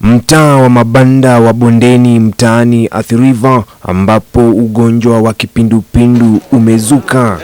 Mtaa wa mabanda wa Bondeni mtaani Athi River ambapo ugonjwa wa kipindupindu umezuka,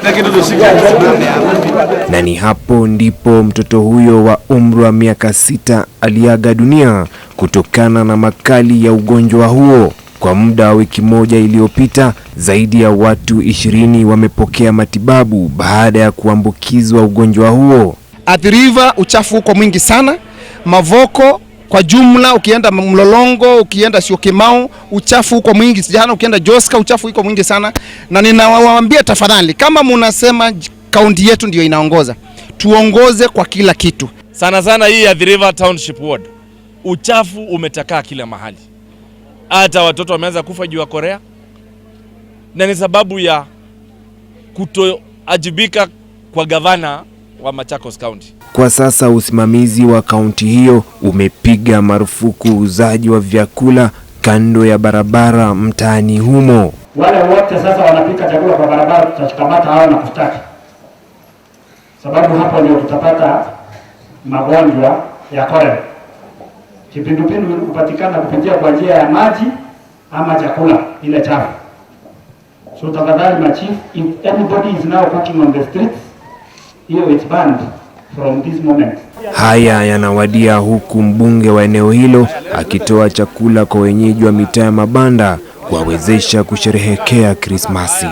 na ni hapo ndipo mtoto huyo wa umri wa miaka sita aliaga dunia kutokana na makali ya ugonjwa huo. Kwa muda wa wiki moja iliyopita, zaidi ya watu ishirini wamepokea matibabu baada ya kuambukizwa ugonjwa huo. Athi River uchafu uko mwingi sana, Mavoko kwa jumla ukienda Mlolongo, ukienda Syokimau, uchafu uko mwingi. Sijana ukienda Joska, uchafu uko mwingi sana, na ninawaambia tafadhali, kama munasema kaunti yetu ndio inaongoza, tuongoze kwa kila kitu, sana sana hii ya The River Township Ward. Uchafu umetakaa kila mahali, hata watoto wameanza kufa juu ya Korea, na ni sababu ya kutoajibika kwa gavana wa Machakos County. Kwa sasa usimamizi wa kaunti hiyo umepiga marufuku uuzaji wa vyakula kando ya barabara mtaani humo. Wale wote sasa wanapika chakula kwa barabara, tutakamata hao na kustaki, sababu hapo ndio tutapata magonjwa ya korera. Kipindupindu hupatikana kupitia kwa njia ya maji ama chakula ile chafu. So tafadhali machief, if anybody is now cooking on the streets hiyo it's banned from this moment. Haya yanawadia huku mbunge wa eneo hilo akitoa chakula kwa wenyeji wa mitaa ya mabanda kuwawezesha kusherehekea Krismasi.